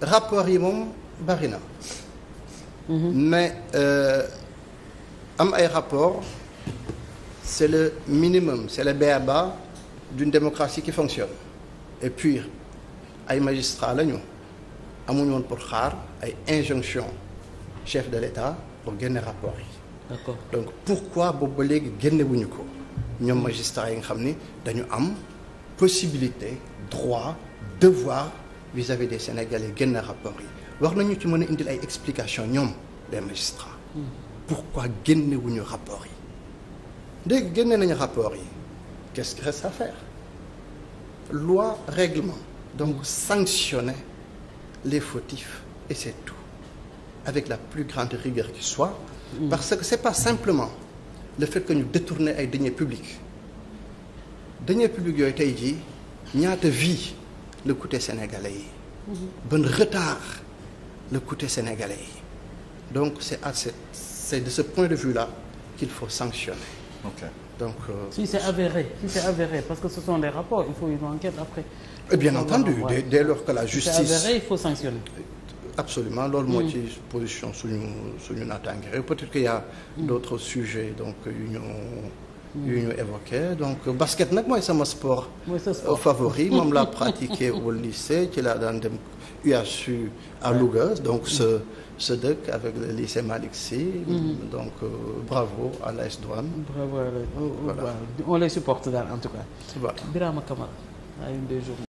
rapport yi moom bari na. Mhm. mais euh, am ay rapport c'est le minimum c'est le b.a.-ba d'une démocratie qui fonctionne et puis ay magistrats lañu amuñu woon pour xaar ay injonctions chef de l'État pour génne rapport yi. d'accord donc pourquoi boobu ba léegi génnewuñu ko ñoom magistrats yi nga xam ni dañu am possibilité droit devoir. vis-à-vis des Sénégalais génn rapport yi wax nañu ci mën a indil ay explication ñoom les magistrats. pourquoi génnewuñu rapport yi dégg génne nañu rapport yi qu'est-ce qu'il reste à faire loi règlement donc sanctionner les fautifs et c'est tout avec la plus grande rigueur qui soit parce que c'est pas simplement le fait que ñu détourner ay deniers publics deniers publics yooyu tey jii ñaata vie la coûté sénégalais yi ban retard la coûté sénégalais yi donc c'est à ce c'est de ce point de vue là qu'il faut sanctionner okay. donc euh, si c'est avéré si c'est avéré parce que ce sont des rapports il faut une enquête après et eh bien entendu dès, ouais. dès lors que la justice si c'est avéré il faut sanctionner absolument loolu moo mm. ci position suñu suñu naataange peut-être qu'il y a mm. d'autres sujets donc yu euh, ñu yu ñu évoqué donc basket nag mooy sama sport. favori moom la pratiqué au lycée ci la daan dem UHU à Louga donc sa sa dëkk avec le lycée Malick Sy. Mm-hmm. donc euh, bravo à l'AS Douane. bravo à l'AS Douane voilà on les supporte